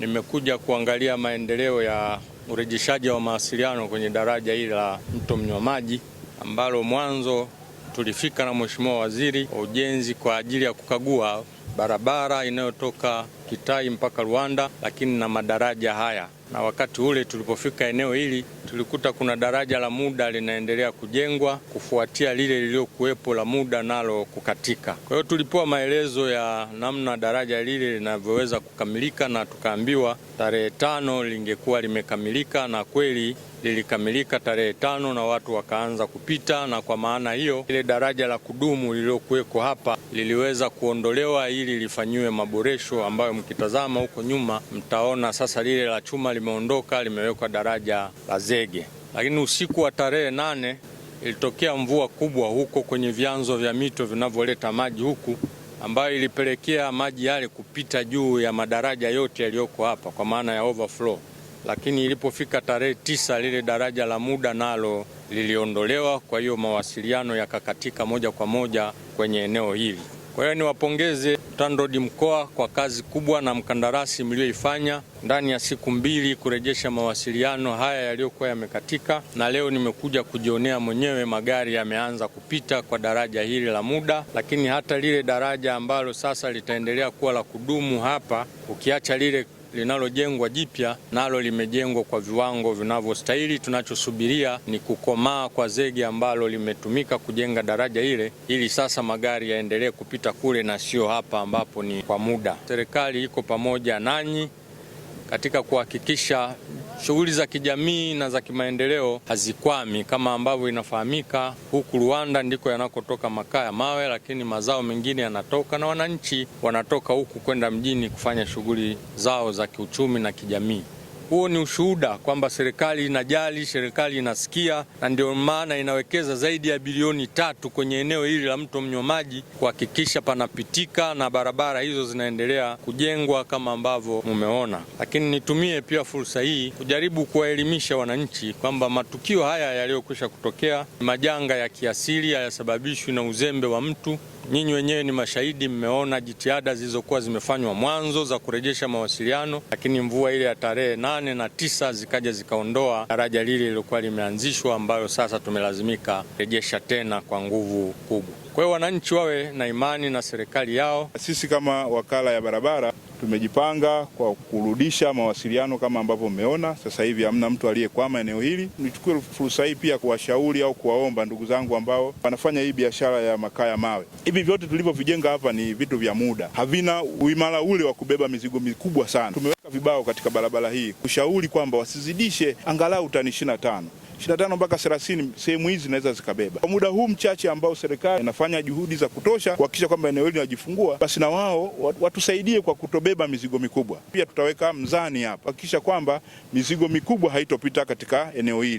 nimekuja kuangalia maendeleo ya urejeshaji wa mawasiliano kwenye daraja hili la mto Mnywamaji ambalo mwanzo tulifika na Mheshimiwa Waziri wa Ujenzi kwa ajili ya kukagua barabara inayotoka Kitai mpaka Rwanda, lakini na madaraja haya. Na wakati ule tulipofika eneo hili, tulikuta kuna daraja la muda linaendelea kujengwa kufuatia lile lililokuwepo la muda nalo kukatika. Kwa hiyo tulipewa maelezo ya namna daraja lile linavyoweza kukamilika, na tukaambiwa tarehe tano lingekuwa limekamilika, na kweli lilikamilika tarehe tano na watu wakaanza kupita, na kwa maana hiyo ile daraja la kudumu lililokuweko hapa liliweza kuondolewa ili lifanyiwe maboresho ambayo mkitazama huko nyuma mtaona sasa lile la chuma limeondoka, limewekwa daraja la zege. Lakini usiku wa tarehe nane ilitokea mvua kubwa huko kwenye vyanzo vya mito vinavyoleta maji huku, ambayo ilipelekea maji yale kupita juu ya madaraja yote yaliyoko hapa, kwa maana ya overflow. Lakini ilipofika tarehe tisa lile daraja la muda nalo liliondolewa, kwa hiyo mawasiliano yakakatika moja kwa moja kwenye eneo hili. Kwa hiyo niwapongeze TANROADS mkoa kwa kazi kubwa na mkandarasi mlioifanya ndani ya siku mbili kurejesha mawasiliano haya yaliyokuwa yamekatika, na leo nimekuja kujionea mwenyewe magari yameanza kupita kwa daraja hili la muda, lakini hata lile daraja ambalo sasa litaendelea kuwa la kudumu hapa, ukiacha lile linalojengwa jipya nalo limejengwa kwa viwango vinavyostahili. Tunachosubiria ni kukomaa kwa zege ambalo limetumika kujenga daraja ile, ili sasa magari yaendelee kupita kule na sio hapa ambapo ni kwa muda. Serikali iko pamoja nanyi katika kuhakikisha shughuli za kijamii na za kimaendeleo hazikwami. Kama ambavyo inafahamika, huku Rwanda ndiko yanakotoka makaa ya mawe, lakini mazao mengine yanatoka, na wananchi wanatoka huku kwenda mjini kufanya shughuli zao za kiuchumi na kijamii. Huo ni ushuhuda kwamba serikali inajali, serikali inasikia, na ndio maana inawekeza zaidi ya bilioni tatu kwenye eneo hili la mto Mnyamaji kuhakikisha panapitika na barabara hizo zinaendelea kujengwa kama ambavyo mumeona. Lakini nitumie pia fursa hii kujaribu kuwaelimisha wananchi kwamba matukio haya yaliyokwisha kutokea ni majanga ya kiasili, hayasababishwi na uzembe wa mtu. Nyinyi wenyewe ni mashahidi, mmeona jitihada zilizokuwa zimefanywa mwanzo za kurejesha mawasiliano, lakini mvua ile ya tarehe nane nane na tisa zikaja zikaondoa daraja lile lililokuwa limeanzishwa, ambayo sasa tumelazimika rejesha tena kwa nguvu kubwa. Kwa hiyo wananchi wawe na imani na serikali yao. Sisi kama wakala ya barabara tumejipanga kwa kurudisha mawasiliano kama ambavyo mmeona sasa hivi, hamna mtu aliyekwama eneo hili. Nichukue fursa hii pia kuwashauri au kuwaomba ndugu zangu ambao wanafanya hii biashara ya makaa ya mawe, hivi vyote tulivyovijenga hapa ni vitu vya muda, havina uimara ule wa kubeba mizigo mikubwa sana Tume vibao katika barabara hii kushauri kwamba wasizidishe angalau tani 25 tano mpaka 30 sehemu hizi zinaweza zikabeba. Kwa muda huu mchache ambao serikali inafanya juhudi za kutosha kuhakikisha kwamba eneo hili linajifungua, basi na wao watusaidie kwa kutobeba mizigo mikubwa. Pia tutaweka mzani hapa kuhakikisha kwamba mizigo mikubwa haitopita katika eneo hili.